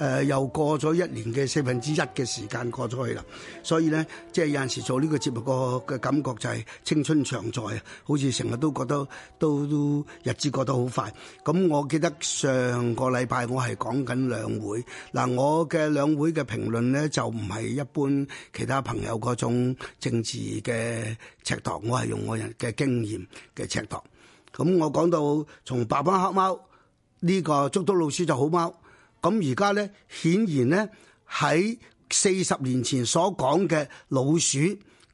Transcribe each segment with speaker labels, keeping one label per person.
Speaker 1: 誒、呃、又過咗一年嘅四分之一嘅時間過咗去啦，所以咧即係有陣時做呢個節目個嘅感覺就係青春常在啊，好似成日都覺得都都日子過得好快。咁我記得上個禮拜我係講緊兩會嗱，我嘅兩會嘅評論咧就唔係一般其他朋友嗰種政治嘅尺度，我係用我人嘅經驗嘅尺度。咁我講到從白貓黑貓呢，這個捉到老鼠就好貓。咁而家呢，顯然呢，喺四十年前所講嘅老鼠，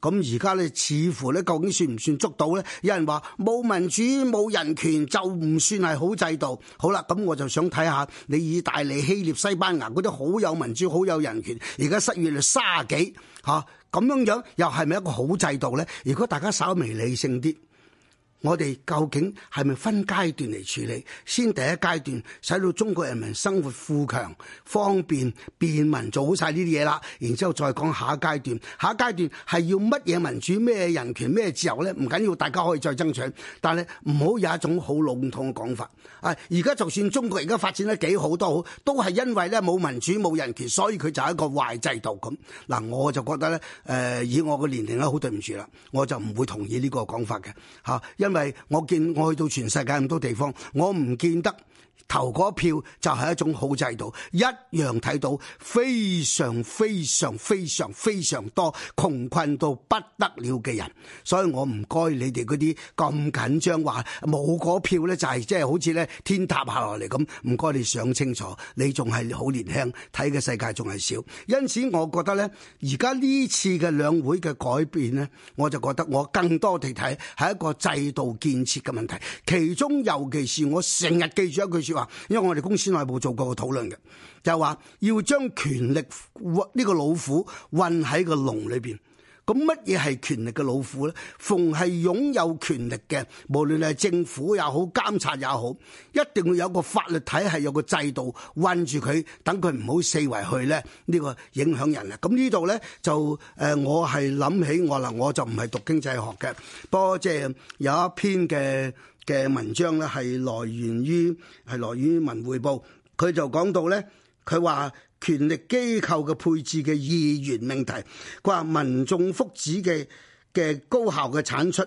Speaker 1: 咁而家呢，似乎呢，究竟算唔算捉到呢？有人話冇民主冇人權就唔算係好制度。好啦，咁我就想睇下你意大利、希臘、西班牙嗰啲好有民主、好有人權，而家失業率卅幾嚇咁樣樣，又係咪一個好制度呢？如果大家稍微理性啲。我哋究竟係咪分階段嚟處理？先第一階段，使到中國人民生活富強、方便、便民，做好晒呢啲嘢啦。然之後再講下一階段，下一階段係要乜嘢民主、咩人權、咩自由呢？唔緊要，大家可以再爭取。但係唔好有一種好籠統嘅講法啊！而家就算中國而家發展得幾好，都好，都係因為咧冇民主、冇人權，所以佢就係一個壞制度咁。嗱，我就覺得呢，誒、呃，以我嘅年齡咧，好對唔住啦，我就唔會同意呢個講法嘅吓。因為我見我去到全世界咁多地方，我唔見得。投嗰票就係一種好制度，一樣睇到非常非常非常非常多窮困到不得了嘅人，所以我唔該你哋啲咁緊張話冇嗰票咧，就係即係好似咧，天塌下落嚟咁，唔該你想清楚，你仲係好年輕，睇嘅世界仲係少，因此我覺得咧，而家呢次嘅兩會嘅改變咧，我就覺得我更多地睇係一個制度建設嘅問題，其中尤其是我成日記住一句説話。因為我哋公司內部做過個討論嘅，就話要將權力呢個老虎困喺個籠裏邊。咁乜嘢係權力嘅老虎咧？逢係擁有權力嘅，無論係政府也好，監察也好，一定會有個法律體系，有個制度困住佢，等佢唔好四圍去咧。呢個影響人嘅。咁呢度咧就誒，我係諗起我啦，我就唔係讀經濟學嘅，不過即係有一篇嘅。嘅文章咧係來源於係來源於《文匯報》，佢就講到咧，佢話權力機構嘅配置嘅二元命題，佢話民眾福祉嘅嘅高效嘅產出，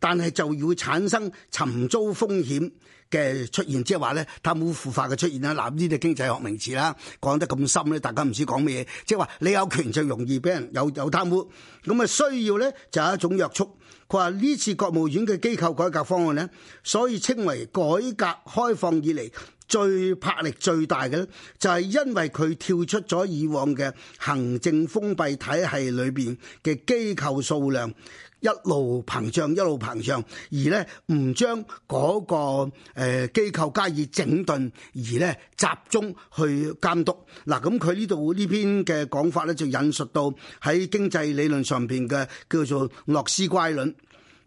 Speaker 1: 但係就要產生尋租風險嘅出現，即係話咧，貪污腐化嘅出現啦。嗱，呢啲經濟學名詞啦，講得咁深咧，大家唔知講咩嘢。即係話，你有權就容易俾人有有貪污，咁啊需要咧就係一種約束。佢話呢次國務院嘅機構改革方案咧，所以稱為改革開放以嚟最魄力最大嘅咧，就係因為佢跳出咗以往嘅行政封閉體系裏邊嘅機構數量。一路膨脹，一路膨脹，而咧唔將嗰個誒機構加以整頓，而咧集中去監督。嗱，咁佢呢度呢篇嘅講法呢，就引述到喺經濟理論上邊嘅叫做諾斯乖論。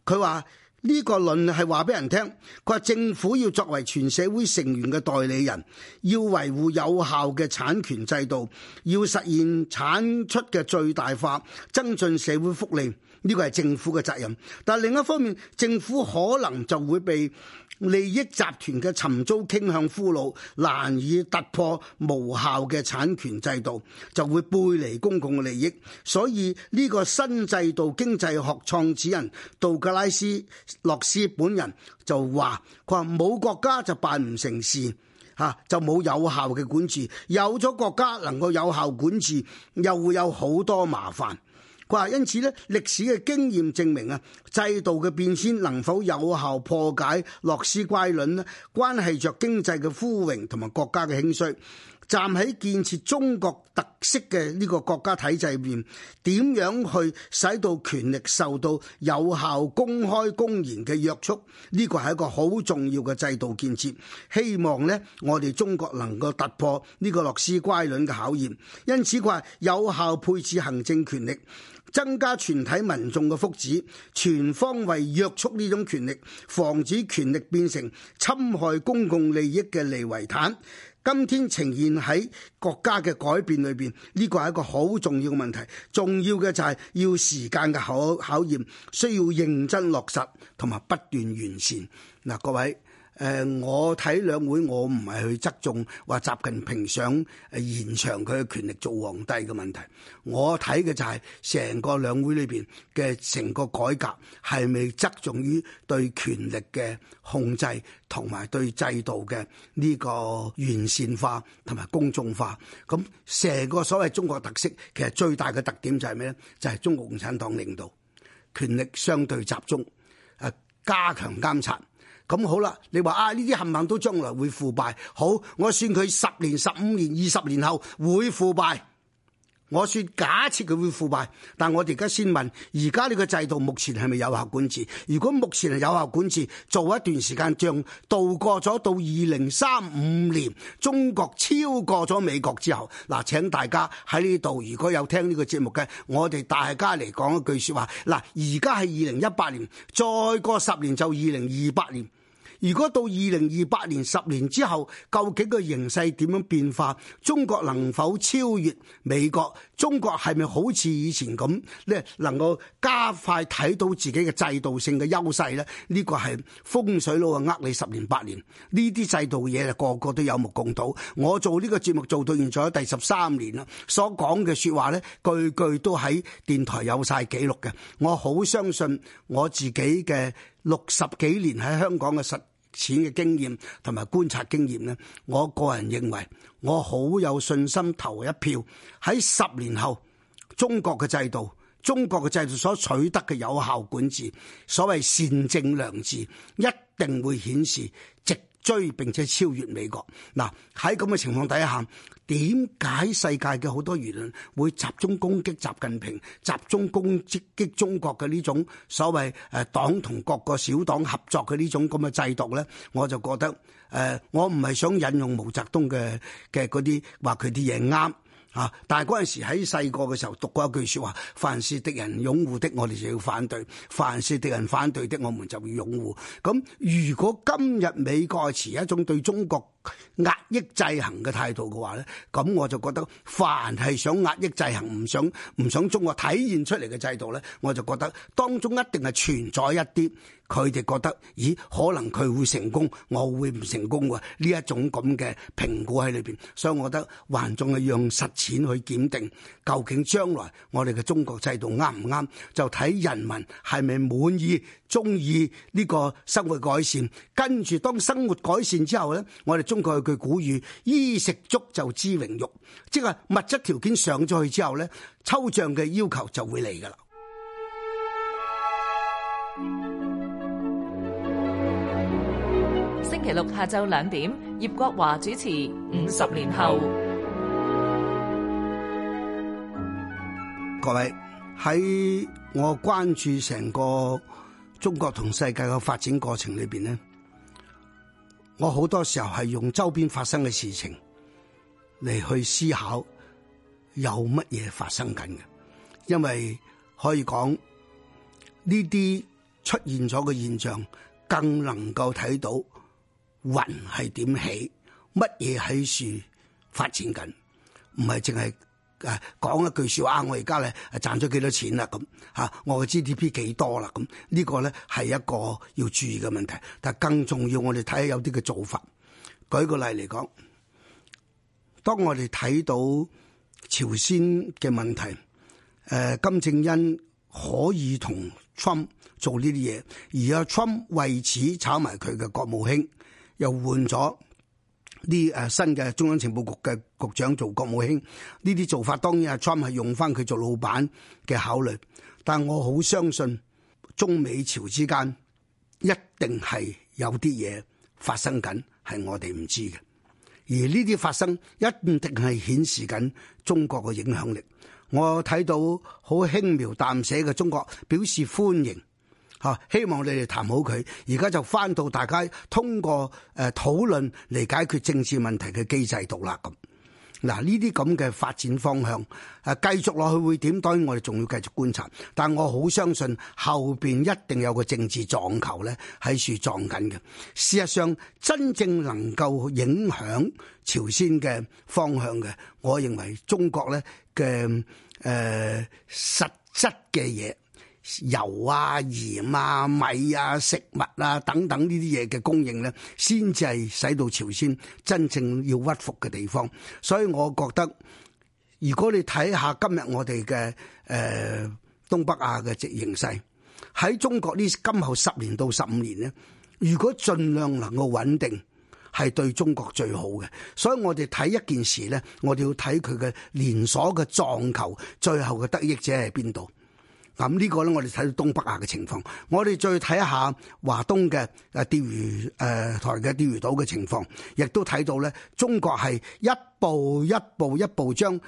Speaker 1: 佢話呢個論係話俾人聽，佢話政府要作為全社會成員嘅代理人，要維護有效嘅產權制度，要實現產出嘅最大化，增進社會福利。呢個係政府嘅責任，但另一方面，政府可能就會被利益集團嘅尋租傾向俘虜，難以突破無效嘅產權制度，就會背離公共利益。所以呢個新制度經濟學創始人杜格拉斯·諾斯本人就話，佢話冇國家就辦唔成事，吓就冇有，有效嘅管治；有咗國家能夠有效管治，又會有好多麻煩。佢話：因此咧，歷史嘅經驗證明啊，制度嘅變遷能否有效破解洛斯乖論咧，關係着經濟嘅枯榮同埋國家嘅興衰。站喺建設中國特色嘅呢個國家體制入面，點樣去使到權力受到有效公開公言嘅約束？呢個係一個好重要嘅制度建設。希望呢，我哋中國能夠突破呢個洛斯乖論嘅考驗。因此佢話：有效配置行政權力。增加全體民眾嘅福祉，全方位約束呢種權力，防止權力變成侵害公共利益嘅利維坦。今天呈現喺國家嘅改變裏邊，呢、呢個係一個好重要嘅問題。重要嘅就係要時間嘅考考驗，需要認真落實同埋不斷完善。嗱，各位。誒，我睇兩會，我唔係去側重話集近平習近平想誒延長佢嘅權力做皇帝嘅問題。我睇嘅就係成個兩會裏邊嘅成個改革係咪側重於對權力嘅控制同埋對制度嘅呢個完善化同埋公眾化。咁成個所謂中國特色，其實最大嘅特點就係咩咧？就係中國共產黨領導，權力相對集中，誒加強監察。咁好啦，你話啊呢啲冚冚都將來會腐敗，好，我算佢十年、十五年、二十年後會腐敗。我說假設佢會腐敗，但我哋而家先問，而家呢個制度目前係咪有效管治？如果目前係有效管治，做一段時間，將度過咗到二零三五年，中國超過咗美國之後，嗱，啊，請大家喺呢度，如果有聽呢個節目嘅，我哋大家嚟講一句說話。嗱，啊，而家係二零一八年，再過十年就二零二八年。如果到二零二八年十年之後，究竟個形勢點樣變化？中國能否超越美國？中國係咪好似以前咁咧？能夠加快睇到自己嘅制度性嘅優勢呢？呢個係風水佬呃你十年八年，呢啲制度嘢，個個都有目共睹。我做呢個節目做到現在第十三年啦，所講嘅説話呢，句句都喺電台有晒記錄嘅。我好相信我自己嘅六十幾年喺香港嘅實錢嘅經驗同埋觀察經驗呢，我個人認為，我好有信心投一票。喺十年後，中國嘅制度，中國嘅制度所取得嘅有效管治，所謂善政良治，一定會顯示值。追並且超越美國，嗱，喺咁嘅情況底下，點解世界嘅好多輿論會集中攻擊習近平，集中攻擊擊中國嘅呢種所謂誒黨同各個小黨合作嘅呢種咁嘅制度咧？我就覺得誒、呃，我唔係想引用毛澤東嘅嘅嗰啲話，佢啲嘢啱。啊！但係嗰陣時喺細個嘅時候讀過一句說話，凡是敵人擁護的，我哋就要反對，凡是敵人反對的，我們就要擁護，咁如果今日美國持一種對中國。壓抑制衡嘅態度嘅話呢，咁我就覺得凡係想壓抑制衡，唔想唔想中國體現出嚟嘅制度呢，我就覺得當中一定係存在一啲佢哋覺得，咦，可能佢會成功，我會唔成功喎，呢一種咁嘅評估喺裏邊，所以我覺得還仲係用實踐去檢定，究竟將來我哋嘅中國制度啱唔啱？就睇人民係咪滿意。中意呢個生活改善，跟住當生活改善之後呢，我哋中國有句古語：衣食足就知榮辱，即係物質條件上咗去之後呢，抽象嘅要求就會嚟噶啦。星期六下晝兩點，葉國華主持《五十年後》。各位喺我關注成個。中國同世界嘅發展過程裏邊咧，我好多時候係用周邊發生嘅事情嚟，去思考有乜嘢發生緊嘅。因為可以講呢啲出現咗嘅現象，更能夠睇到雲係點起，乜嘢喺樹發展緊，唔係淨係。講一句説話，我而家咧賺咗幾多錢啦？咁嚇，我嘅 GDP 幾多啦？咁呢個咧係一個要注意嘅問題。但係更重要，我哋睇下有啲嘅做法。舉個例嚟講，當我哋睇到朝鮮嘅問題，誒金正恩可以同 Trump 做呢啲嘢，而阿 Trump 為此炒埋佢嘅國務卿，又換咗。呢誒新嘅中央情報局嘅局長做國務卿呢啲做法，當然阿 Trump 係用翻佢做老闆嘅考慮，但我好相信中美朝之間一定係有啲嘢發生緊，係我哋唔知嘅。而呢啲發生一定係顯示緊中國嘅影響力。我睇到好輕描淡寫嘅中國表示歡迎。啊！希望你哋談好佢，而家就返到大家通過誒、呃、討論嚟解決政治問題嘅機制度啦。咁嗱，呢啲咁嘅發展方向誒、啊，繼續落去會點？當然我哋仲要繼續觀察，但我好相信後面一定有個政治撞球咧，喺度撞緊嘅。事實上，真正能夠影響朝鮮嘅方向嘅，我認為中國咧嘅誒實質嘅嘢。油啊、鹽啊、米啊、食物啊等等呢啲嘢嘅供應咧，先至係使到朝鮮真正要屈服嘅地方。所以我覺得，如果你睇下今日我哋嘅誒東北亞嘅即形勢，喺中國呢今後十年到十五年呢，如果盡量能夠穩定，係對中國最好嘅。所以我哋睇一件事咧，我哋要睇佢嘅連鎖嘅撞球，最後嘅得益者喺邊度？咁呢個咧，我哋睇到東北亞嘅情況，我哋再睇一下華東嘅誒釣魚誒台嘅釣魚島嘅情況，亦都睇到咧，中國係一步一步一步將，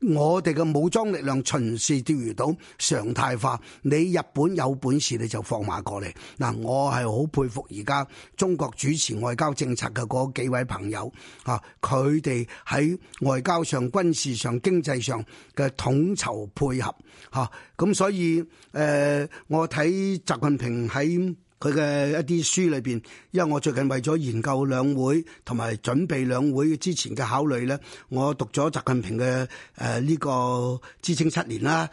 Speaker 1: 我哋嘅武裝力量巡視釣魚島常態化，你日本有本事你就放馬過嚟。嗱，我係好佩服而家中國主持外交政策嘅嗰幾位朋友，吓佢哋喺外交上、軍事上、經濟上嘅統籌配合，吓、啊、咁所以誒、呃，我睇習近平喺。佢嘅一啲書裏邊，因為我最近為咗研究兩會同埋準備兩會之前嘅考慮咧，我讀咗習近平嘅誒呢個知青七年啦。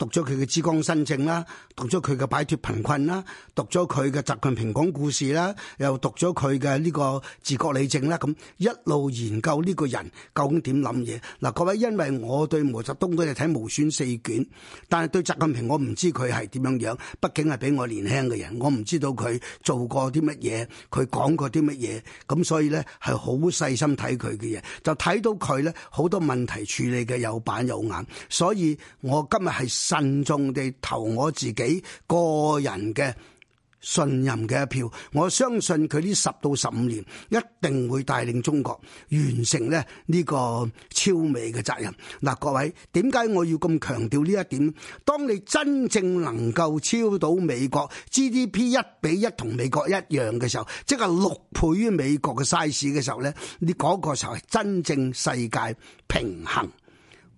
Speaker 1: 讀咗佢嘅珠江新政啦，讀咗佢嘅擺脫貧困啦，讀咗佢嘅習近平講故事啦，又讀咗佢嘅呢個治國理政啦，咁一路研究呢個人究竟點諗嘢嗱，各位，因為我對毛澤東都係睇毛選四卷，但係對習近平我唔知佢係點樣樣，畢竟係比我年輕嘅人，我唔知道佢做過啲乜嘢，佢講過啲乜嘢，咁所以咧係好細心睇佢嘅嘢，就睇到佢咧好多問題處理嘅有板有眼，所以我今日係。慎重地投我自己個人嘅信任嘅一票，我相信佢呢十到十五年一定會帶領中國完成咧呢個超美嘅責任。嗱，各位，點解我要咁強調呢一點？當你真正能夠超到美國 GDP 一比一同美國一樣嘅時候，即係六倍於美國嘅 size 嘅時候咧，你嗰個就係真正世界平衡。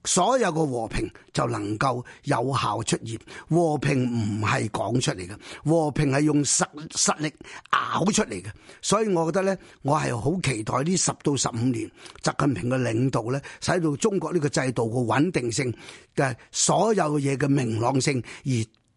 Speaker 1: 所有嘅和平就能夠有效出現。和平唔係講出嚟嘅，和平係用實實力咬出嚟嘅。所以我覺得呢，我係好期待呢十到十五年，習近平嘅領導呢，使到中國呢個制度嘅穩定性嘅所有嘢嘅明朗性，而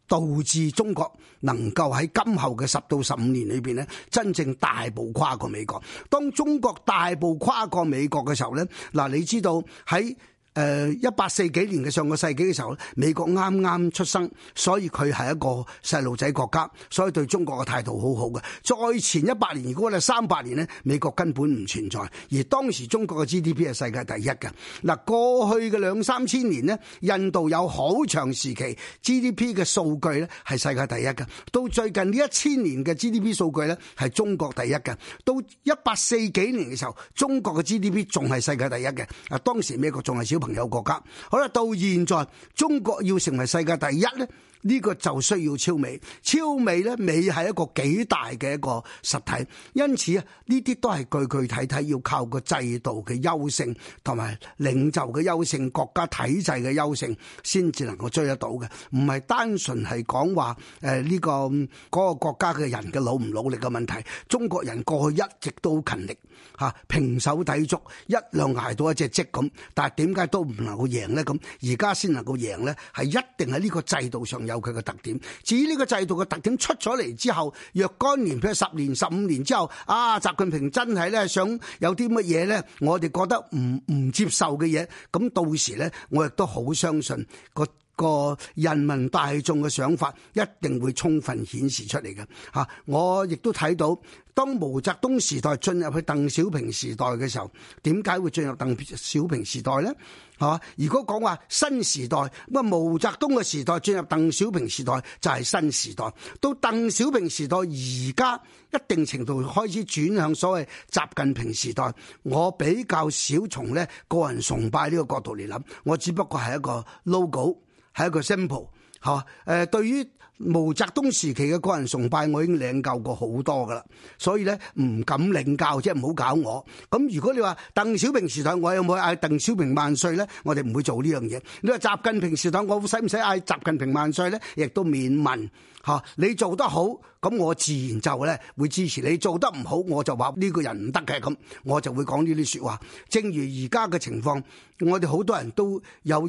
Speaker 1: 導致中國能夠喺今後嘅十到十五年裏邊呢，真正大步跨過美國。當中國大步跨過美國嘅時候呢，嗱，你知道喺。誒，一八四幾年嘅上個世紀嘅時候咧，美國啱啱出生，所以佢係一個細路仔國家，所以對中國嘅態度好好嘅。再前一百年，如果係三百年咧，美國根本唔存在，而當時中國嘅 GDP 係世界第一嘅。嗱，過去嘅兩三千年咧，印度有好長時期 GDP 嘅數據咧，係世界第一嘅。到最近呢一千年嘅 GDP 數據咧，係中國第一嘅。到一八四幾年嘅時候，中國嘅 GDP 仲係世界第一嘅。啊，當時美國仲係小。朋友國家，好啦，到現在中國要成為世界第一咧。呢個就需要超美，超美咧，美係一個幾大嘅一個實體，因此啊，呢啲都係具具體體要靠個制度嘅優勝同埋領袖嘅優勝國家體制嘅優勝先至能夠追得到嘅，唔係單純係講話誒呢個、嗰個國家嘅人嘅努唔努力嘅問題，中國人過去一直都好勤力吓、啊、平手抵足，一兩挨到一只積咁，但係點解都唔能夠贏咧？咁而家先能夠贏咧，係一定係呢個制度上有。有佢嘅特點，至於呢個制度嘅特點出咗嚟之後，若干年譬如十年、十五年之後，啊，習近平真係咧想有啲乜嘢咧，我哋覺得唔唔接受嘅嘢，咁到時咧，我亦都好相信個。個人民大眾嘅想法一定會充分顯示出嚟嘅。吓、啊，我亦都睇到，當毛澤東時代進入去鄧小平時代嘅時候，點解會進入鄧小平時代呢？吓、啊，如果講話新時代，咁毛澤東嘅時代進入鄧小平時代就係新時代。到鄧小平時代，而家一定程度開始轉向所謂習近平時代。我比較少從呢個人崇拜呢個角度嚟諗，我只不過係一個 logo。係一個 simple 吓，誒，對於毛澤東時期嘅個人崇拜，我已經領教過好多噶啦，所以咧唔敢領教，即係唔好搞我。咁如果你話鄧小平時代，我有冇嗌鄧小平萬歲咧？我哋唔會做呢樣嘢。你話習近平時代，我使唔使嗌習近平萬歲咧？亦都免問。嚇！你做得好，咁我自然就咧會支持你；做得唔好，我就話呢個人唔得嘅。咁我就會講呢啲説話。正如而家嘅情況，我哋好多人都有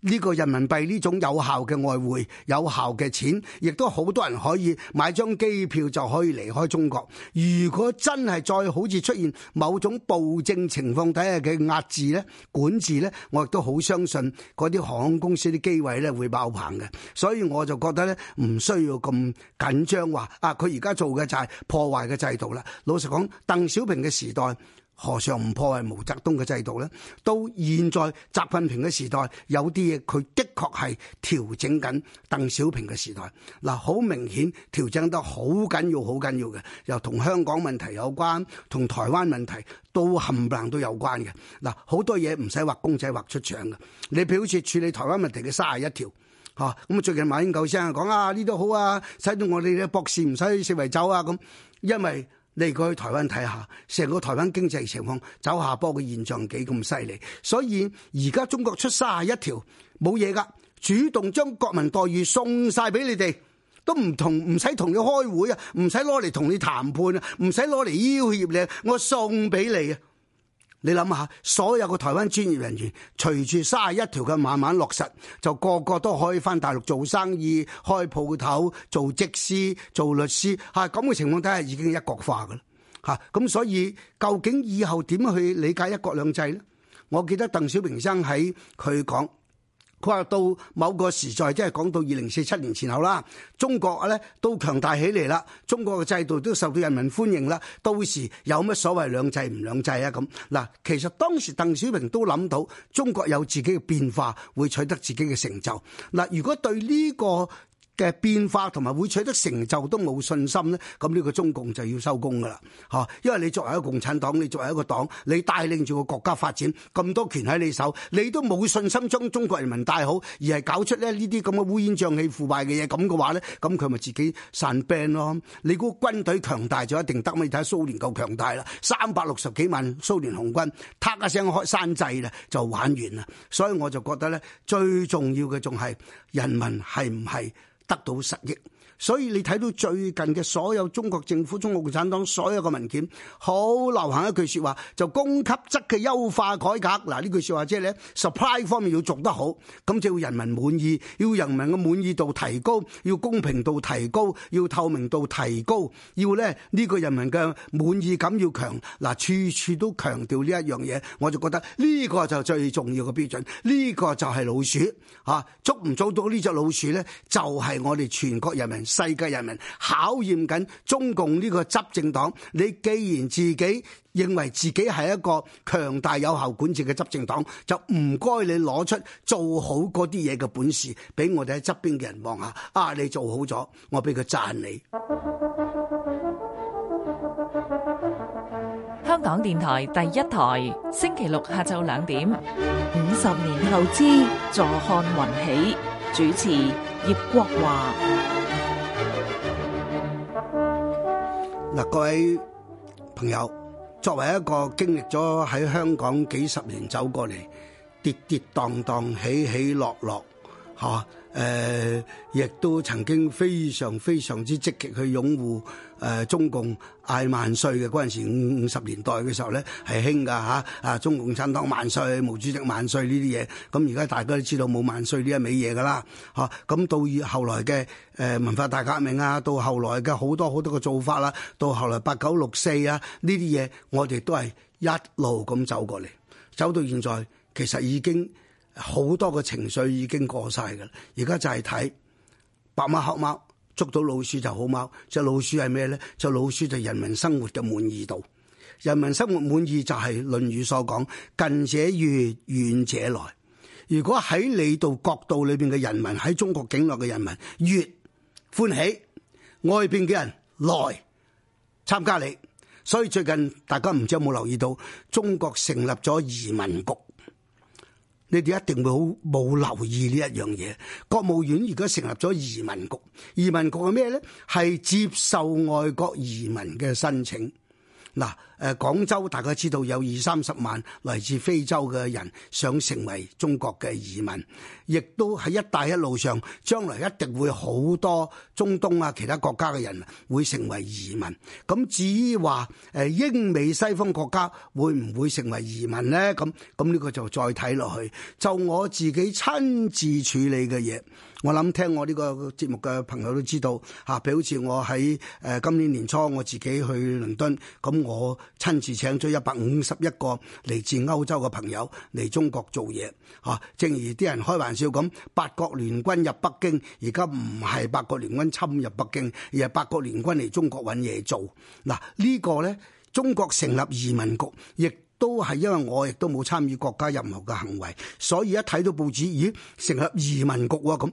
Speaker 1: 呢個人民幣呢種有效嘅外匯、有效嘅錢，亦都好多人可以買張機票就可以離開中國。如果真係再好似出現某種暴政情況底下嘅壓制咧、管治呢，我亦都好相信嗰啲航空公司啲機位咧會爆棚嘅，所以我就覺得呢唔需要。要咁緊張話啊！佢而家做嘅就係破壞嘅制度啦。老實講，鄧小平嘅時代何嘗唔破壞毛澤東嘅制度咧？到現在習近平嘅時代，有啲嘢佢的確係調整緊鄧小平嘅時代。嗱、啊，好明顯調整得好緊要，好緊要嘅，又同香港問題有關，同台灣問題都冚唪唥都有關嘅。嗱、啊，好多嘢唔使畫公仔畫出場嘅。你譬如好似處理台灣問題嘅三十一條。嚇！咁啊，最近馬英九聲啊講啊，呢度好啊，使到我哋咧博士唔使食圍酒啊咁。因為你過去台灣睇下，成個台灣經濟情況走下坡嘅現象幾咁犀利，所以而家中國出卅一條冇嘢噶，主動將國民待遇送晒俾你哋，都唔同唔使同你開會啊，唔使攞嚟同你談判啊，唔使攞嚟要挾你，我送俾你啊！你諗下，所有嘅台灣專業人員隨住三十一條嘅慢慢落實，就個個都可以返大陸做生意、開鋪頭、做職士、做律師，吓咁嘅情況底下已經一國化㗎喇，吓、啊、咁所以究竟以後點去理解一國兩制呢？我記得鄧小平生喺佢講。佢話到某個時代，即係講到二零四七年前後啦，中國咧都強大起嚟啦，中國嘅制度都受到人民歡迎啦，到時有乜所謂兩制唔兩制啊？咁嗱，其實當時鄧小平都諗到中國有自己嘅變化，會取得自己嘅成就。嗱，如果對呢個嘅變化同埋會取得成就都冇信心呢。咁呢個中共就要收工噶啦嚇！因為你作為一個共產黨，你作為一個黨，你帶領住個國家發展咁多權喺你手，你都冇信心將中國人民帶好，而係搞出呢呢啲咁嘅烏煙瘴氣、腐敗嘅嘢，咁嘅話呢，咁佢咪自己散兵咯？你估軍隊強大就一定得咩？你睇下蘇聯夠強大啦，三百六十幾萬蘇聯紅軍，撻一聲開山祭啦，就玩完啦。所以我就覺得呢，最重要嘅仲係人民係唔係？得到實益。所以你睇到最近嘅所有中國政府、中國共產黨所有嘅文件，好流行一句說話，就供給側嘅優化改革。嗱，呢句說話即係咧，supply 方面要做得好，咁就要人民滿意，要人民嘅滿意度提高，要公平度提高，要透明度提高，要咧呢個人民嘅滿意感要強。嗱，處處都強調呢一樣嘢，我就覺得呢個就最重要嘅標準，呢個就係老鼠吓，捉唔捉到呢隻老鼠咧，就係我哋全國人民。世界人民考驗緊中共呢個執政黨，你既然自己認為自己係一個強大有效管治嘅執政黨，就唔該你攞出做好嗰啲嘢嘅本事，俾我哋喺側邊嘅人望下。啊，你做好咗，我俾佢讚你。香港電台第一台，星期六下晝兩點，五十年後之，坐看雲起，主持葉國華。嗱，各位朋友，作為一個經歷咗喺香港幾十年走過嚟，跌跌蕩蕩、起起落落，吓、啊、誒、呃、亦都曾經非常非常之積極去擁護。誒、呃、中共嗌萬歲嘅嗰陣時，五五十年代嘅時候咧係興噶嚇，啊，中共產黨萬歲，毛主席萬歲呢啲嘢。咁而家大家都知道冇萬歲呢一味嘢噶啦，嚇、啊。咁到後來嘅誒、呃、文化大革命啊，到後來嘅好多好多嘅做法啦、啊，到後來八九六四啊呢啲嘢，我哋都係一路咁走過嚟，走到現在，其實已經好多個情緒已經過晒噶啦。而家就係睇白貓黑貓。捉到老鼠就好貓。就老鼠係咩咧？就老鼠就人民生活嘅滿意度。人民生活滿意就係、是《論語》所講近者悦遠者來。如果喺你度角度裏邊嘅人民喺中國境內嘅人民越歡喜，外邊嘅人來參加你。所以最近大家唔知有冇留意到，中國成立咗移民局。你哋一定會冇留意呢一樣嘢，國務院而家成立咗移民局，移民局係咩咧？係接受外國移民嘅申請，嗱。誒，廣州大家知道有二三十萬來自非洲嘅人想成為中國嘅移民，亦都喺一帶一路上，將來一定會好多中東啊，其他國家嘅人會成為移民。咁至於話誒英美西方國家會唔會成為移民呢？咁咁呢個就再睇落去。就我自己親自處理嘅嘢，我諗聽我呢個節目嘅朋友都知道嚇，譬如好似我喺誒今年年初我自己去倫敦，咁我。親自請咗一百五十一個嚟自歐洲嘅朋友嚟中國做嘢，吓、啊，正如啲人開玩笑咁，八國聯軍入北京，而家唔係八國聯軍侵入北京，而係八國聯軍嚟中國搵嘢做。嗱、啊這個、呢個咧，中國成立移民局，亦都係因為我亦都冇參與國家任何嘅行為，所以一睇到報紙，咦，成立移民局咁、啊，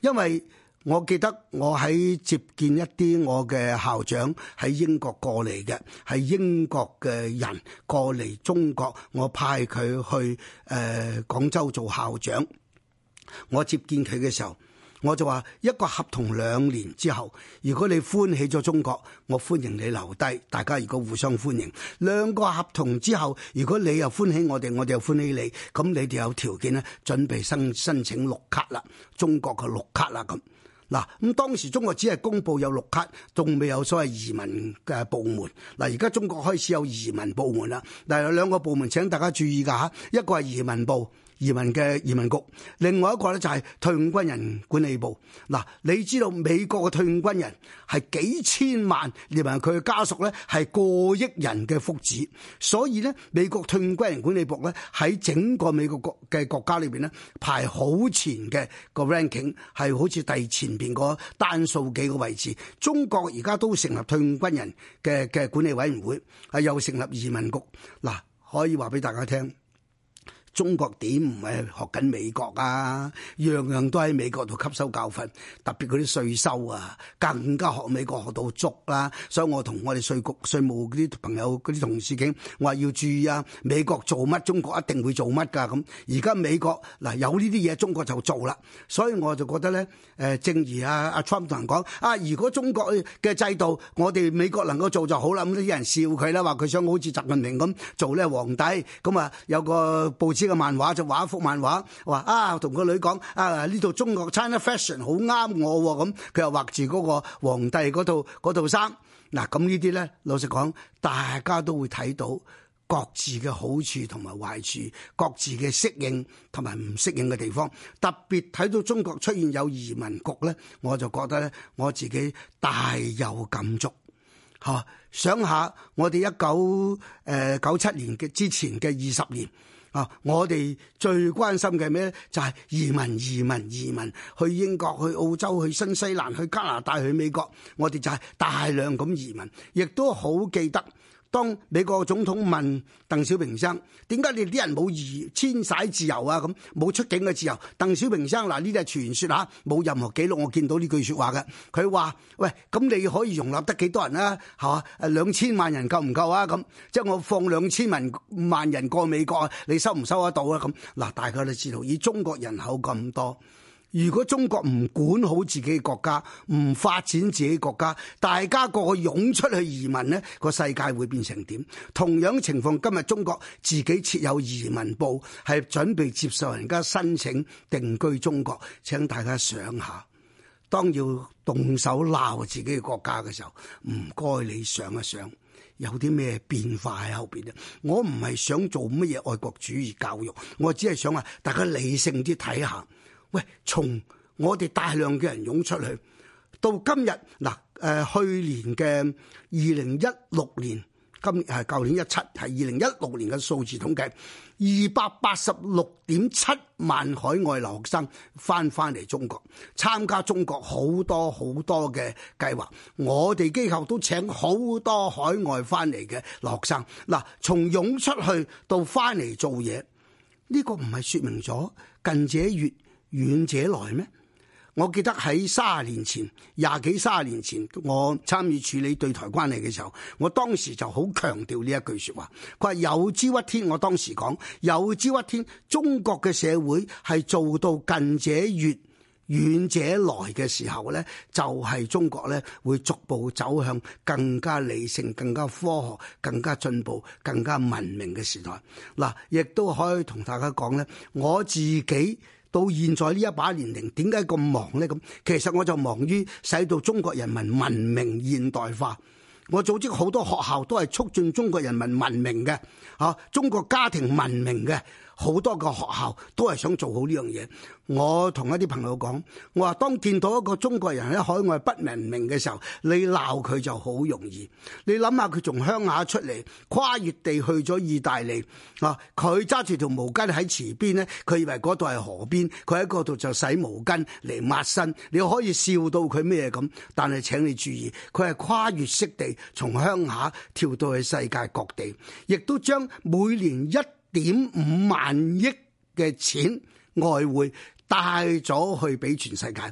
Speaker 1: 因為。我記得我喺接見一啲我嘅校長喺英國過嚟嘅，係英國嘅人過嚟中國，我派佢去誒廣州做校長。我接見佢嘅時候，我就話一個合同兩年之後，如果你歡喜咗中國，我歡迎你留低。大家如果互相歡迎，兩個合同之後，如果你又歡喜我哋，我哋又歡喜你，咁你哋有條件咧，準備申申請綠卡啦，中國嘅綠卡啦咁。嗱，咁當時中國只係公佈有綠卡，仲未有所謂移民嘅部門。嗱，而家中國開始有移民部門啦。嗱，有兩個部門請大家注意㗎，一個係移民部。移民嘅移民局，另外一個咧就係退伍軍人管理部。嗱，你知道美國嘅退伍軍人係幾千萬，移民，佢嘅家屬咧係過億人嘅福祉。所以咧美國退伍軍人管理部咧喺整個美國國嘅國家裏邊咧排好前嘅個 ranking，係好似第前邊個單數幾個位置。中國而家都成立退伍軍人嘅嘅管理委員會啊，又成立移民局。嗱，可以話俾大家聽。中國點唔係學緊美國啊？樣樣都喺美國度吸收教訓，特別啲稅收啊，更加學美國學到足啦、啊。所以我同我哋稅局、稅務啲朋友、啲同事傾，我話要注意啊！美國做乜，中國一定會做乜噶。咁而家美國嗱有呢啲嘢，中國就做啦。所以我就覺得咧，誒正如阿阿 Trump 同人講啊，如果中國嘅制度，我哋美國能夠做就好啦。咁啲人笑佢啦，話佢想好似習近平咁做咧皇帝，咁啊有個報紙。呢個漫畫就畫一幅漫畫，話啊同個女講啊，呢套中國 China fashion 好啱我咁，佢、啊、又畫住嗰個皇帝嗰套套衫。嗱咁、啊、呢啲咧，老實講，大家都會睇到各自嘅好處同埋壞處，各自嘅適應同埋唔適應嘅地方。特別睇到中國出現有移民局咧，我就覺得咧，我自己大有感觸嚇。想下我哋一九誒九七年嘅之前嘅二十年。啊！我哋最關心嘅咩就係移民，移民，移民，去英國、去澳洲、去新西蘭、去加拿大、去美國，我哋就係大量咁移民，亦都好記得。當美國總統問鄧小平生，點解你啲人冇移遷徙自由啊？咁冇出境嘅自由。鄧小平生嗱，呢啲係傳說吓，冇任何記錄。我見到呢句話說話嘅，佢話喂，咁你可以容納得幾多人啊？係嘛，誒，兩千萬人夠唔夠啊？咁即係我放兩千萬人過美國，啊，你收唔收得到啊？咁嗱，大家都知道，以中國人口咁多。如果中國唔管好自己嘅國家，唔發展自己國家，大家個個湧出去移民，呢個世界會變成點？同樣情況，今日中國自己設有移民部，係準備接受人家申請定居中國，請大家想下，當要動手鬧自己嘅國家嘅時候，唔該你想一想，有啲咩變化喺後邊咧？我唔係想做乜嘢愛國主義教育，我只係想啊，大家理性啲睇下。喂，從我哋大量嘅人湧出去到今日嗱，誒去年嘅二零一六年，今年係舊年一七係二零一六年嘅數字統計，二百八十六點七萬海外留學生翻返嚟中國參加中國好多好多嘅計劃。我哋機構都請好多海外翻嚟嘅留學生嗱，從湧出去到翻嚟做嘢，呢個唔係説明咗近者月。遠者來咩？我記得喺卅年前、廿幾卅年前，我參與處理對台關係嘅時候，我當時就好強調呢一句說話。佢話有朝一天，我當時講有朝一天，中國嘅社會係做到近者悅、遠者來嘅時候呢，就係、是、中國咧會逐步走向更加理性、更加科學、更加進步、更加文明嘅時代。嗱，亦都可以同大家講呢，我自己。到現在呢一把年齡，點解咁忙呢？咁其實我就忙於使到中國人民文明現代化。我組織好多學校都係促進中國人民文明嘅，吓、啊、中國家庭文明嘅。好多個學校都係想做好呢樣嘢。我同一啲朋友講，我話當見到一個中國人喺海外不文明嘅時候，你鬧佢就好容易。你諗下佢從鄉下出嚟，跨越地去咗意大利，啊！佢揸住條毛巾喺池邊咧，佢以為嗰度係河邊，佢喺嗰度就洗毛巾嚟抹身。你可以笑到佢咩咁，但係請你注意，佢係跨越式地從鄉下跳到去世界各地，亦都將每年一點五萬億嘅錢外匯帶咗去俾全世界，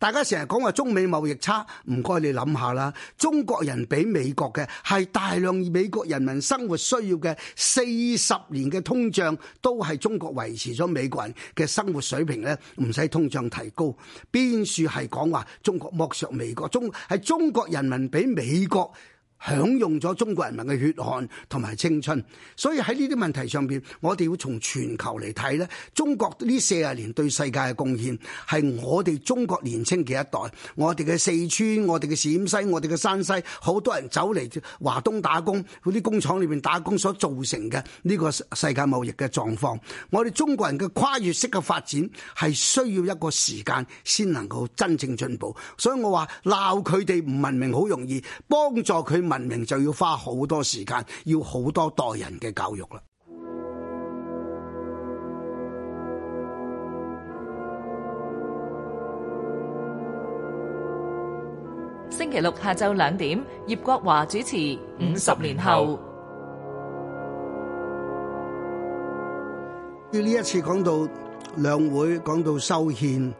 Speaker 1: 大家成日講話中美貿易差，唔該你諗下啦。中國人俾美國嘅係大量美國人民生活需要嘅，四十年嘅通脹，都係中國維持咗美國人嘅生活水平呢，唔使通脹提高。邊處係講話中國剝削美國？中係中國人民俾美國。享用咗中國人民嘅血汗同埋青春，所以喺呢啲問題上邊，我哋要從全球嚟睇咧。中國呢四十年對世界嘅貢獻，係我哋中國年輕嘅一代，我哋嘅四川、我哋嘅陝西、我哋嘅山西，好多人走嚟華東打工，啲工廠裏邊打工所造成嘅呢個世界貿易嘅狀況，我哋中國人嘅跨越式嘅發展係需要一個時間先能夠真正進步。所以我話鬧佢哋唔文明好容易，幫助佢。文明就要花好多時間，要好多代人嘅教育啦。星期六下晝兩點，葉國華主持《五十年後》。呢一次講到兩會，講到修憲，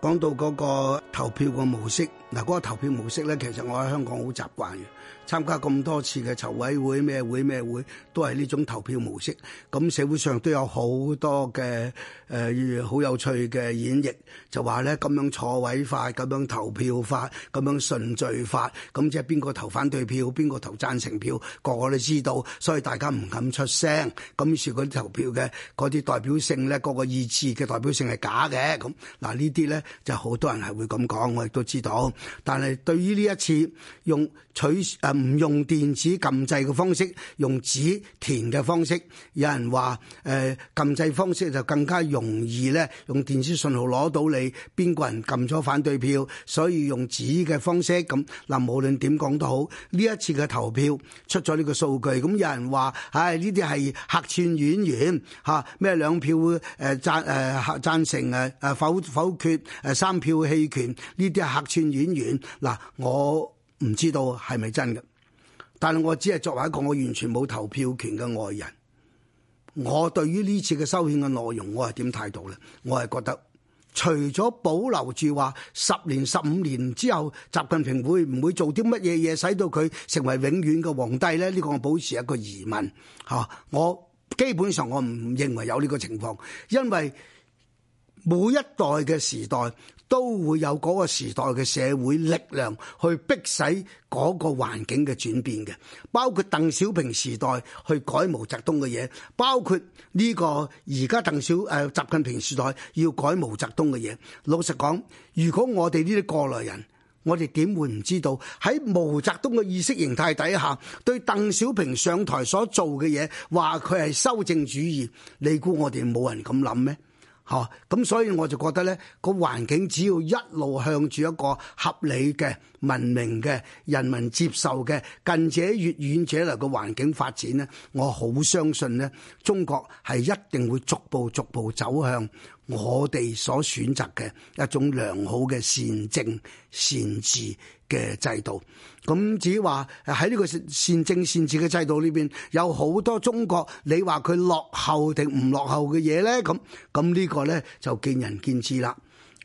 Speaker 1: 講到嗰個投票嘅模式。嗱，嗰個投票模式咧，其實我喺香港好習慣嘅。參加咁多次嘅籌委會咩會咩會，都係呢種投票模式。咁社會上都有好多嘅誒好有趣嘅演繹，就話咧咁樣坐位法，咁樣投票法，咁樣順序法，咁即係邊個投反對票，邊個投贊成票，個個都知道，所以大家唔敢出聲。咁説嗰啲投票嘅嗰啲代表性咧，嗰個意志嘅代表性係假嘅。咁嗱呢啲咧就好多人係會咁講，我亦都知道。但係對於呢一次用取誒。呃唔用電子撳掣嘅方式，用紙填嘅方式，有人話誒撳掣方式就更加容易咧，用電子信號攞到你邊個人撳咗反對票，所以用紙嘅方式咁。嗱，無論點講都好，呢一次嘅投票出咗呢個數據，咁有人話唉呢啲係客串演員嚇咩，兩票誒贊誒贊成誒誒、啊、否否決誒、啊、三票棄權呢啲係客串演員。嗱我。唔知道係咪真嘅？但係我只係作為一個我完全冇投票權嘅外人，我對於呢次嘅修憲嘅內容，我係點態度咧？我係覺得，除咗保留住話十年、十五年之後，習近平會唔會做啲乜嘢嘢，使到佢成為永遠嘅皇帝咧？呢個我保持一個疑問吓。我基本上我唔認為有呢個情況，因為每一代嘅時代。都會有嗰個時代嘅社會力量去逼使嗰個環境嘅轉變嘅，包括鄧小平時代去改毛澤東嘅嘢，包括呢個而家鄧小、呃、習近平時代要改毛澤東嘅嘢。老實講，如果我哋呢啲過來人，我哋點會唔知道喺毛澤東嘅意識形態底下，對鄧小平上台所做嘅嘢，話佢係修正主義，你估我哋冇人咁諗咩？哦，咁所以我就覺得呢、這個環境只要一路向住一個合理嘅、文明嘅、人民接受嘅，近者越遠者嚟嘅環境發展，呢我好相信呢，中國係一定會逐步逐步走向我哋所選擇嘅一種良好嘅善政善治嘅制度。咁至於話喺呢個善政善治嘅制度裏邊，有好多中國你話佢落後定唔落後嘅嘢呢？咁咁呢個呢，就見仁見智啦。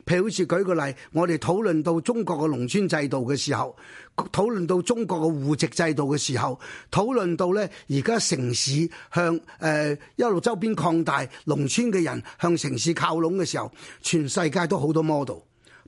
Speaker 1: 譬如好似舉個例，我哋討論到中國嘅農村制度嘅時候，討論到中國嘅戶籍制度嘅時候，討論到呢而家城市向誒、呃、一路周邊擴大，農村嘅人向城市靠攏嘅時候，全世界都好多 model。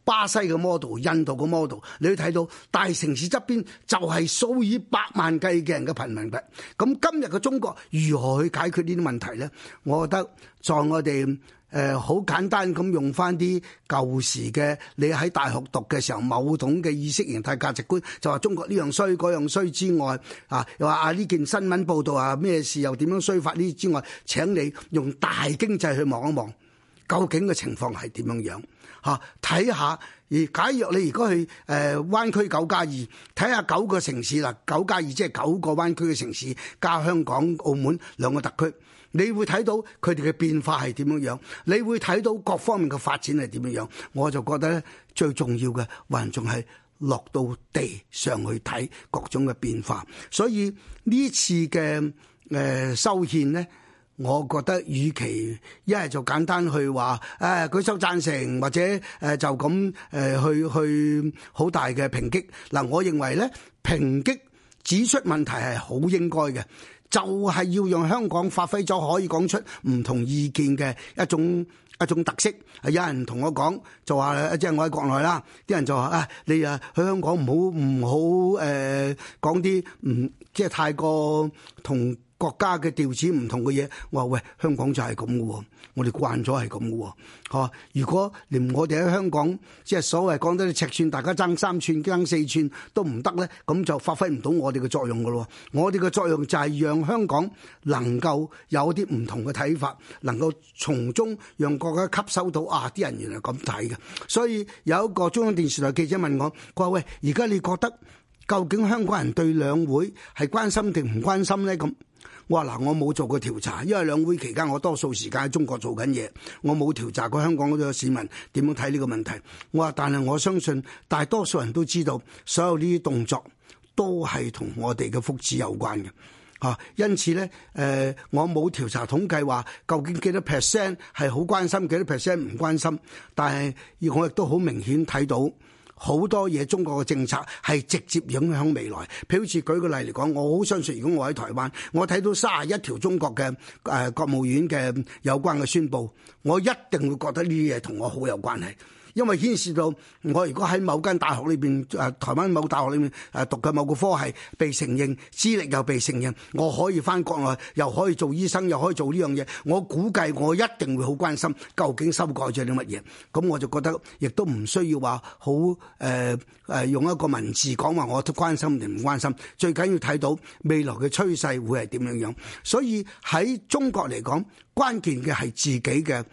Speaker 1: 巴西嘅 model、印度嘅 model，你睇到大城市側邊就係數以百萬計嘅人嘅貧民窟。咁今日嘅中國如何去解決呢啲問題咧？我覺得在我哋誒，好簡單咁用翻啲舊時嘅你喺大學讀嘅時候某種嘅意識形態價值觀，就話中國呢樣衰嗰樣衰之外，啊又話啊呢件新聞報道啊咩事又點樣衰法呢之外，請你用大經濟去望一望，究竟嘅情況係點樣樣。嚇，睇下而假如你如果去誒灣區九加二，睇下九個城市啦，九加二即係九個灣區嘅城市加香港、澳門兩個特區，你會睇到佢哋嘅變化係點樣樣，你會睇到各方面嘅發展係點樣樣，我就覺得咧，最重要嘅還仲係落到地上去睇各種嘅變化。所以呢次嘅誒修憲咧。我覺得，與其一係就簡單去話，誒、啊、舉手贊成，或者誒就咁誒、呃、去去好大嘅抨擊。嗱、啊，我認為咧，抨擊指出問題係好應該嘅，就係、是、要讓香港發揮咗可以講出唔同意見嘅一種一種特色。有人同我講，就話即係我喺國內啦，啲人就話啊，你啊去香港唔好唔好誒講啲唔即係太過同國家嘅調子唔同嘅嘢，我話喂，香港就係咁嘅喎。我哋慣咗係咁嘅喎，嚇，如果連我哋喺香港即係所謂講得嘅尺寸，大家爭三寸、爭四寸都唔得咧，咁就發揮唔到我哋嘅作用㗎咯。我哋嘅作用就係讓香港能夠有啲唔同嘅睇法，能夠從中讓國家吸收到啊啲人原來咁睇嘅。所以有一個中央電視台記者問我，佢話喂，而家你覺得究竟香港人對兩會係關心定唔關心咧？咁。我話嗱，我冇做過調查，因為兩會期間我多數時間喺中國做緊嘢，我冇調查過香港嗰啲市民點樣睇呢個問題。我話，但係我相信大多數人都知道，所有呢啲動作都係同我哋嘅福祉有關嘅。啊，因此咧，誒、呃，我冇調查統計話究竟幾多 percent 係好關心，幾多 percent 唔關心，但係而我亦都好明顯睇到。好多嘢，中國嘅政策係直接影響未來。譬如好似舉個例嚟講，我好相信，如果我喺台灣，我睇到三十一條中國嘅誒、呃、國務院嘅有關嘅宣佈，我一定會覺得呢啲嘢同我好有關係。因為牽涉到我如果喺某間大學裏邊，誒，台灣某大學裏面誒，讀嘅某個科系被承認，資歷又被承認，我可以返國內，又可以做醫生，又可以做呢樣嘢。我估計我一定會好關心究竟修改咗啲乜嘢。咁我就覺得亦都唔需要話好誒、誒用一個文字講話我關心定唔關心。最緊要睇到未來嘅趨勢會係點樣樣。所以喺中國嚟講，關鍵嘅係自己嘅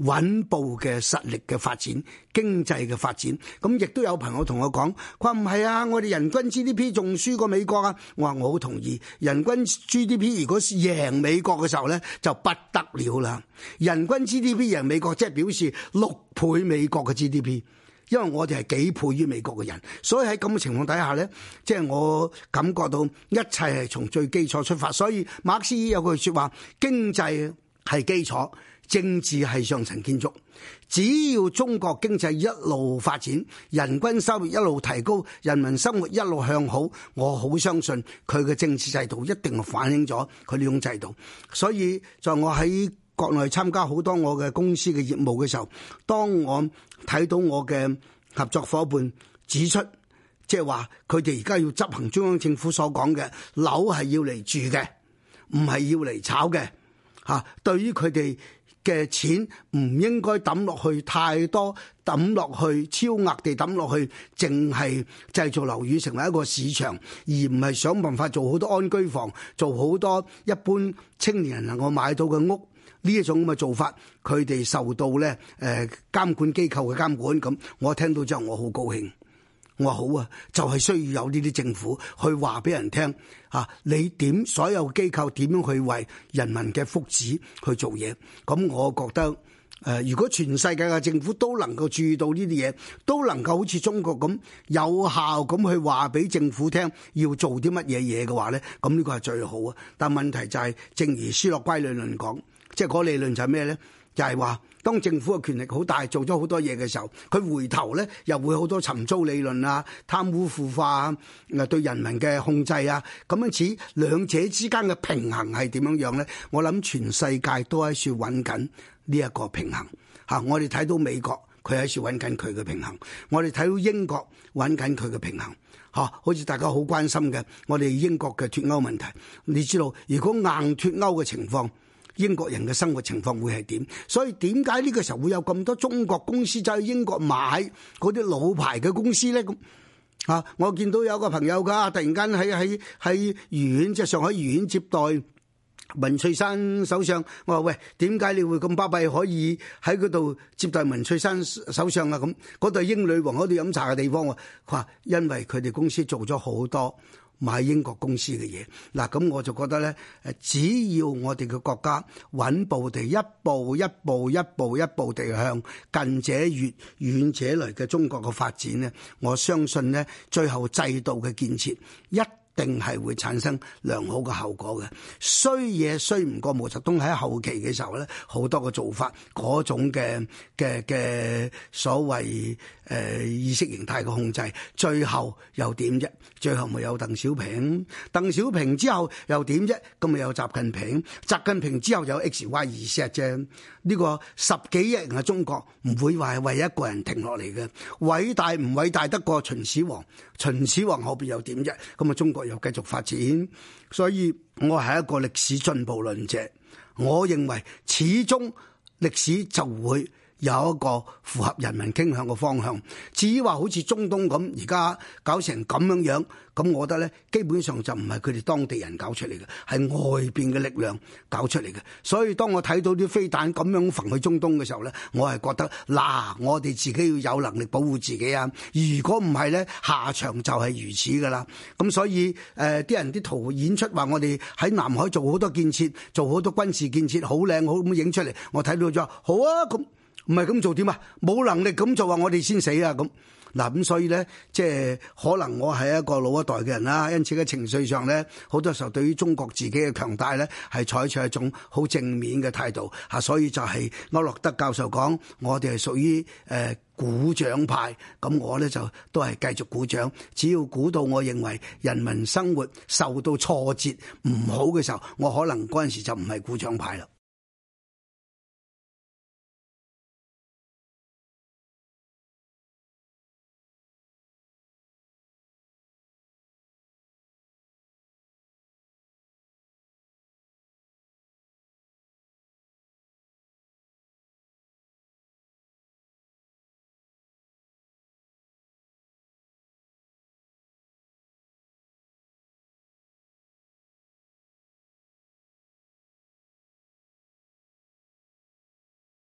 Speaker 1: 穩步嘅實力嘅發展，經濟嘅發展，咁亦都有朋友同我講，佢話唔係啊，我哋人均 GDP 仲輸過美國啊，我話我好同意，人均 GDP 如果贏美國嘅時候咧，就不得了啦。人均 GDP 贏美國，即係表示六倍美國嘅 GDP，因為我哋係幾倍於美國嘅人，所以喺咁嘅情況底下咧，即係我感覺到一切係從最基礎出發，所以馬克思有句說話，經濟。係基礎，政治係上層建築。只要中國經濟一路發展，人均收入一路提高，人民生活一路向好，我好相信佢嘅政治制度一定反映咗佢呢種制度。所以在我喺國內參加好多我嘅公司嘅業務嘅時候，當我睇到我嘅合作夥伴指出，即係話佢哋而家要執行中央政府所講嘅樓係要嚟住嘅，唔係要嚟炒嘅。嚇！對於佢哋嘅錢唔應該抌落去太多，抌落去超額地抌落去，淨係製造樓宇成為一個市場，而唔係想辦法做好多安居房，做好多一般青年人能夠買到嘅屋，呢一種咁嘅做法，佢哋受到咧誒監管機構嘅監管，咁我聽到之後我好高興。我話好啊，就係、是、需要有呢啲政府去話俾人聽，吓、啊、你點所有機構點樣去為人民嘅福祉去做嘢。咁、嗯、我覺得，誒、呃，如果全世界嘅政府都能夠注意到呢啲嘢，都能夠好似中國咁有效咁去話俾政府聽，要做啲乜嘢嘢嘅話咧，咁、嗯、呢、這個係最好啊。但係問題就係、是，正如舒樂圭理論講，即係嗰理論就係咩咧？就係話，當政府嘅權力好大，做咗好多嘢嘅時候，佢回頭咧又會好多尋租理論啊、貪污腐化啊、誒對人民嘅控制啊，咁樣似兩者之間嘅平衡係點樣樣咧？我諗全世界都喺處揾緊呢一個平衡嚇。我哋睇到美國佢喺處揾緊佢嘅平衡，我哋睇到英國揾緊佢嘅平衡嚇。好似大家好關心嘅，我哋英國嘅脫歐問題，你知道如果硬脫歐嘅情況？英國人嘅生活情況會係點？所以點解呢個時候會有咁多中國公司就去英國買嗰啲老牌嘅公司咧？咁、啊、嚇，我見到有個朋友噶，突然間喺喺喺豫園即係上海豫園接待文翠珊首相。我話喂，點解你會咁巴閉可以喺嗰度接待文翠珊首相啊？咁嗰度英女王喺度飲茶嘅地方喎。佢話因為佢哋公司做咗好多。買英國公司嘅嘢，嗱咁我就覺得咧，誒，只要我哋嘅國家穩步地一步一步、一步一步、一步地向近者越、遠者嚟嘅中國嘅發展咧，我相信咧，最後制度嘅建設一，定係會產生良好嘅後果嘅，衰嘢衰唔過毛澤東喺後期嘅時候咧，好多嘅做法嗰種嘅嘅嘅所謂誒、呃、意識形態嘅控制，最後又點啫？最後咪有鄧小平，鄧小平之後又點啫？咁咪有習近平，習近平之後有 X Y 二石啫。呢、這個十幾億人嘅中國唔會話係為一個人停落嚟嘅，偉大唔偉大得過秦始皇？秦始皇後邊又點啫？咁啊，中國。又繼續發展，所以我係一個歷史進步論者，我認為始終歷史就會，有一個符合人民傾向嘅方向。至於話好似中東咁，而家搞成咁樣樣，咁我覺得呢，基本上就唔係佢哋當地人搞出嚟嘅，係外邊嘅力量搞出嚟嘅。所以當我睇到啲飛彈咁樣揈去中東嘅時候呢，我係覺得嗱、啊，我哋自己要有能力保護自己啊！如果唔係呢，下場就係如此㗎啦。咁所以誒，啲、呃、人啲圖演出話我哋喺南海做好多建設，做好多軍事建設，好靚好咁影出嚟。我睇到咗，好啊咁。唔係咁做點啊？冇能力咁做啊！我哋先死啊！咁嗱咁，所以咧，即係可能我係一個老一代嘅人啦，因此喺情緒上咧，好多時候對於中國自己嘅強大咧，係採取一種好正面嘅態度吓，所以就係歐樂德教授講，我哋係屬於誒鼓掌派，咁我咧就都係繼續鼓掌，只要估到我認為人民生活受到挫折唔好嘅時候，我可能嗰陣時就唔係鼓掌派啦。